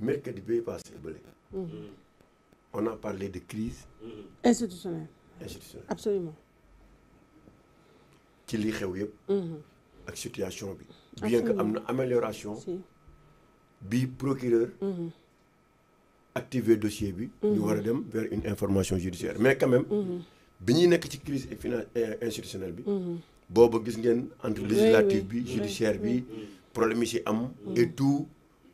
mercredi passé mm-hmm. on a parlé de crise mm-hmm. institutionnelle institutionnelle absolument ci li xew yëpp mm-hmm. ak situation Bien bien que ait une amélioration bi procureur activer dossier bi dossier nous vers une information judiciaire mais quand même bi y nekk une crise institutionnelle bi a gis entre les bi judiciaires. bi problème yi et tout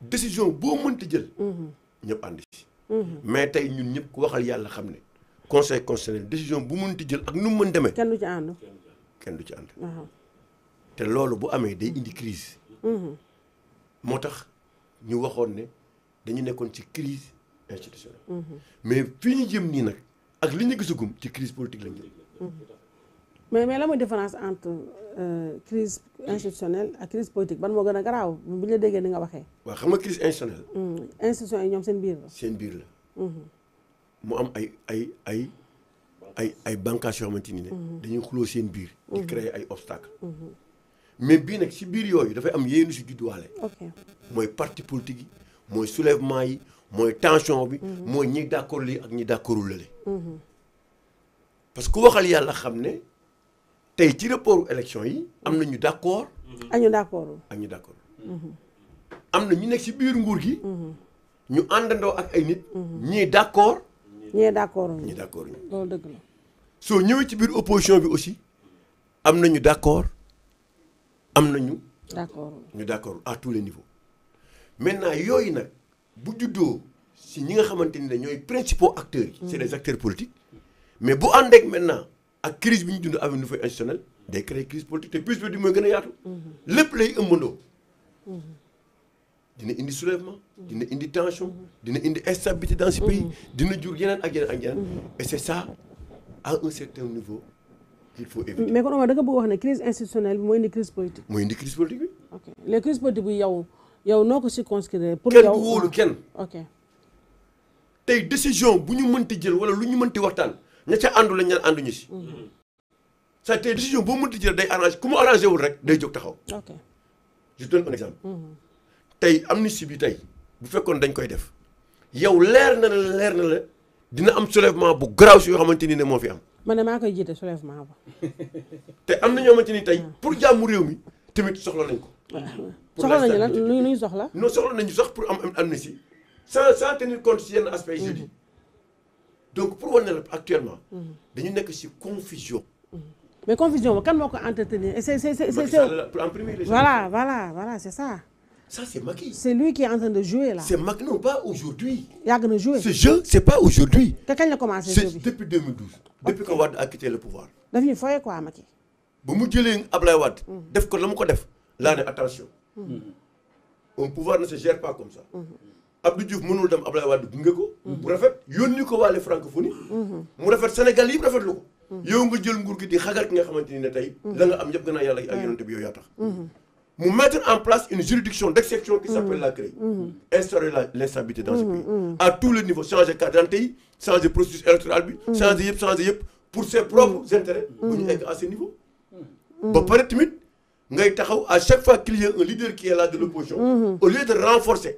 décision boo mënti jël. Mm-hmm. ñëpp ànd ci. Mm-hmm. mais tey ñun ñëpp ku waxal yàlla xam ne conseil constitutionnel décision bu mënti jël ak nu mu mën demee. kenn du ci ànd. kenn du ci ànd. Uh-huh. te loolu bu amee day indi crise mm-hmm. moo tax ñu waxoon ne dañu nekkoon ci crise institutionnelle. mais fi ñu jëm nii nag ak li ñu gisagum ci crise politique lañ jëm. mais mais la différence entre euh, crise institutionnelle ak crise politique ban mo gëna graw garaaw bu ñu la déggee ni nga waxé wa xam nga crise institutionnelle. hmm institution yi ñoom seen biir la. seen biir la. hmm mu am ay ay ay ay ay bànqaas yoo xamante ne. Hmm. dañuy xuloo seen biir. di hmm. créer ay obstacle hmm mais bi nag ci biir yoyu da fay am yéenu si judduwaale. ok moy parti politique yi moy soulèvement yi moy tension bi. moy hmm. ñi d'accord li ak ñi d'accordul hmm parce que ku waxal yalla xamné tey ci rapportu élection yi am na ñu d' accord. ñu d'accord accord ak ñu d'accord accord. Mm-hmm. am na ñu nekk ci biir nguur gi. Mm-hmm. ñu àndandoo ak ay nit. ñi d'accord ñi d'accord ñi d'accord ñii d' dëgg la. so ñëwee ci biir opposition bi aussi am na ñu d'accord. accord am ñu. ñu d'accord à tous les niveaux. maintenant yooyu nag bu juddoo si ñi nga xamante ni ñooy principaux acteurs yi. c' est les mm-hmm. acteurs politiques mais bu andek maintenant ak crise bi ñu dund avec nouveau institutionnel day créer crise politique te crise politique mooy gën a yaatu. lépp lay ëmbandoo. dina indi soulèvement. dina indi tension. dina indi instabilité dans ce pays. dina jur rien ak yeneen à yeneen. et c'est ça à un certain niveau qu'il faut éviter. mais quand on da nga bëgg wax crise institutionnelle bi mooy indi crise politique. mooy indi crise politique bi. ok les crises politiques bi yow yow noo ko circonscrire. pour yow kenn du wóolu kenn. ok tey décision bu ñu mënti jël wala lu ñu mënti waxtaan. ña ca àndu lañ ñaan ànduñu si. ça tey décision boo mënti jël day arrangé ku mu arrangé wul rek day jóg taxaw. ok je donne un exemple. Mhm. tey amnistie bi tey bu fekkoon dañ koy def yow leer na la leer na la dina am soulèvement bu garaaw si yoo xamante ni ne moo fi am. man ne maa koy jiite soulèvement ba. te am na ñoo xamante ni tey pour jàmm réew mi tamit soxla nañ ko. soxla nañu lan lu ñuy soxla. non soxla nañu sax pour am amnistie sans sans tenir compte si yenn aspects yi. Mhm. donc pour on actuellement. nous sommes ci confusion. mais confusion quand on va entretenir c'est c'est c'est en premier voilà voilà voilà c'est ça. Ça, c'est Macky. C'est lui qui est en train de jouer là. C'est Macky, non, pas aujourd'hui. Il a de jouer. Ce jeu, c'est pas aujourd'hui. Quelqu'un a commencé C'est depuis 2012, depuis que a quitté le pouvoir. Il faut quoi, Macky Si le suis Ablaï Wad, je fais ce Là, attention. Mm. Un pouvoir ne se gère pas comme ça. Mm. Abdou Diouf mënul dem Abdoulaye Wade gunge ko. bu rafet yónni ko waale francophonie. mu rafet Sénégal yi rafet ko. yow nga jël nguur gi di xagal ki nga xamanteni ni ne tey. la nga am yeb gëna yalla ak yonent bi yow yaa tax. mu mettre en place une juridiction d'exception qui s'appelle la CREI. instaurer l'instabilité dans ce pays. à tous les niveaux changer carte d'identité yi changer processus électoral bi. changer yeb changer yeb pour ses propres intérêts. bu ñu à ce niveau. ba pare tamit ngay taxaw à chaque fois qu'il y a un leader qui est là de l'opposition. au lieu de renforcer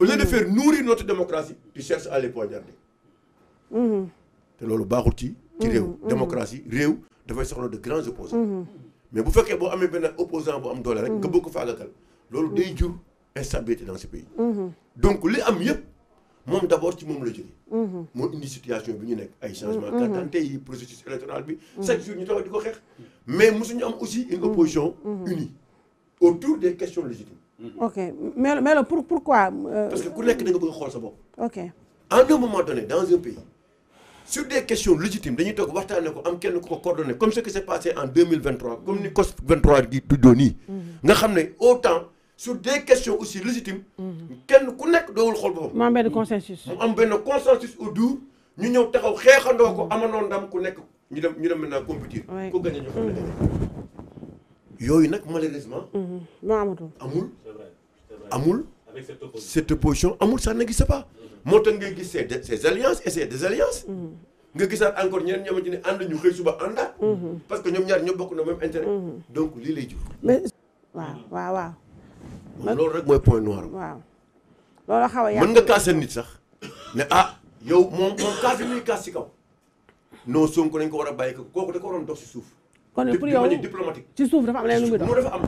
au lieu de faire nourrir notre démocratie tu cherches à les poignarder. ce mm-hmm. loolu baaxul ci. ci la mm-hmm. démocratie réew dafay soxla de grands opposants mm-hmm. mais bu fekkee boo des benn opposant bu am doole rek. nga bëgg faagagal loolu day jur instabilité dans ce pays. donc li am yëpp c'est d'abord abord ci moom la jógee. indi situation bi ñu un ay changement carte d'identité le processus électoral bi. chaque jour ñu avons mais nous avons aussi une opposition unie autour des questions légitimes ok mais mais pour pourquoi. Euh, parce que ku nekk da nga bëgg sa ok à un moment donné dans un pays sur des questions légitimes dañuy toog waxtaanee ko am kenn ko comme ce qui s'est passé en 2023 comme ni mm-hmm. COS 23 di tuddoo nii. Mm-hmm. nga autant sur des questions aussi légitimes. Mm-hmm. kenn ku nekk doowul xool boppam. mu am de consensus. mu am benn consensus autour ñu ñëw taxaw xeexandoo ko amandoo ndam ku nekk ñu dem ñu dem maintenant compétir. ku gagné ñu xam ne yooyu nag malheureusement. moo amatul amul amul cette position amoul ça n'existe pas moo tax ngay gis ces alliances et ces désalliances mm-hmm. nga gisaat encore ñen ñoo xamante ne and ñu xëy suba àndaat mm-hmm. parce que ñom ñaar ñu bokk na même intérêt mm-hmm. donc li lay jur mais wa wa wa moom rek moy point noir wa loolu xawa a yàq nga kaas seen nit sax ne ah yow moom moom kaas yi muy kaas si kaw non Sonko nañ ko war a bàyyi ko da ko waroon dox ci souf kon pour yow diplomatique ci souf dafa am leneen lu muy dafa am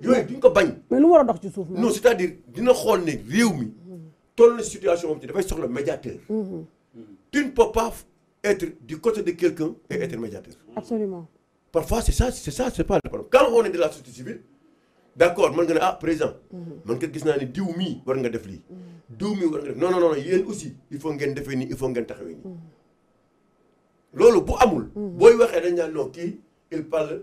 yooyu duñ ko bañ. mais lu war a dox ci suuf non c'est-à-dire dina xool ne réew mi toll na situation moom ci dafay soxla médiateur. Mm-hmm. tu ne peux pas être du côté de quelqu'un et être médiateur. absolument. parfois c'est ça c'est ça c'est pas quand on est de la société civile d'accord mën nga ne ah président mm-hmm. man kat gis naa ne diw mii war nga def lii mm-hmm. diw mii war nga def non non non yéen aussi il faut ngeen defee nii il faut ngeen taxawee nii loolu bu amul booy waxee dañ naan non kii il parle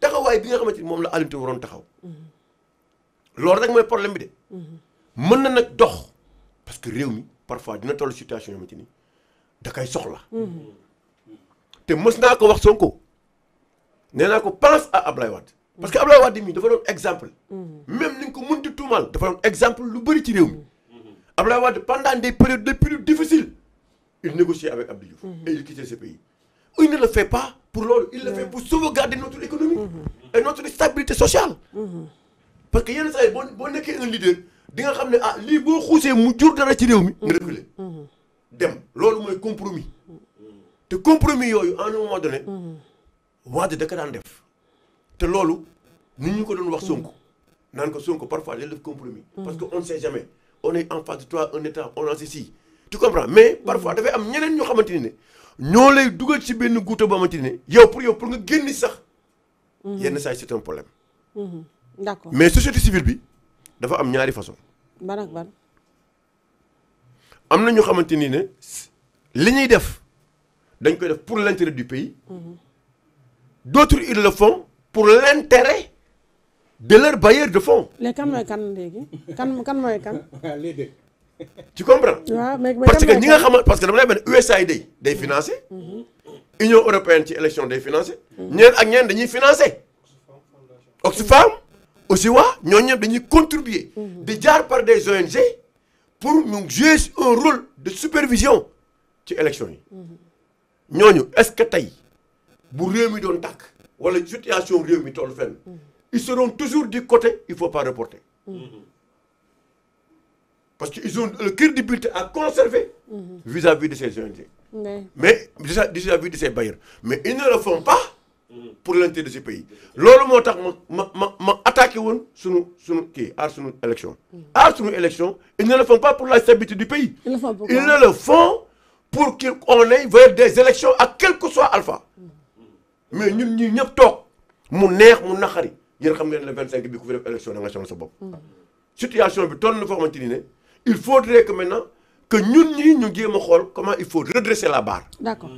taxawaay bi nga xamante ni moom la Alioune waron taxaw lool rek moy problème bi de mën na nak dox parce que réew mi parfois dina toll situation yoo xamante da kay soxla te mës naa ko wax Sonko nee ko pense à Ablaye Wade parce que Ablaye Wade mii dafa don exemple même ni nga ko mënti tuumaal dafa doon exemple lu bëri ci réew mi Ablaye Wade pendant des périodes les plus difficiles il négocier avec Abdou Diouf et il quittait ce pays il ne le fait pas pour l'or, il le fait pour sauvegarder notre économie et notre stabilité sociale. parce que yenn saa si vous êtes un leader di nga que ne ah lii boo xuusee mu jur dara ci réew mi. nga reculer dem compromis te compromis yooyu à un moment donné. Wade de ko un def te ce ni nous ko doon wax Sonko nous ko Sonko parfois dañ def compromis parce qu'on ne sait jamais on est en face de toi un état on est ici. tu comprends mais parfois dafay am ñeneen ñoo xamante ni ne ñoo lay dugal ci benn guuta boo xamante ne yow pour yow pour nga génn sax. Mhm. yenn saa yi c'est un problème. Mhm. d'accord mais société civile bi dafa am ñaari façon. ban ak ban. am na ñu xamante ni ne li ñuy def dañ koy def pour l'intérêt du pays. Mhm. d'autres ils le font pour l'intérêt de leur bailleur de fonds. léegi kan mooy kan léegi kan kan mooy kan. tu comprends. parce que nous avons, parce que dama lay des financés, USAID des financé. Mm-hmm. Union européenne ci élection des financé. Mm-hmm. ñen ak ñen dañuy financé. Oxfam aussi wa ñoo ñëpp dañuy contribuer. Mm-hmm. déjà par des ONG pour nous jouer un rôle de supervision ci élection yi. ñooñu est-ce que tay bu réew mi doon tak wala situation réew mi toll fenn. ils seront toujours du côté il faut pas reporter. Parce qu'ils ont le crédibilité à conserver mhm. vis-à-vis de ces Mais vis-à-vis de ces bailleurs. Mais ils ne le font pas pour l'intérêt de ce pays. Lolo motax attaqué mhm. élection. ils ne le font pas pour la stabilité du pays. Ils, le font ne le font pour qu'on aille vers des élections à quel que soit alpha. Mhm. Mais nous nous tok mu neex Nous nous, 25 bi nous, def élection nga Situation il faudrait que maintenant que nous nous disions comment il faut redresser la barre. d'accord.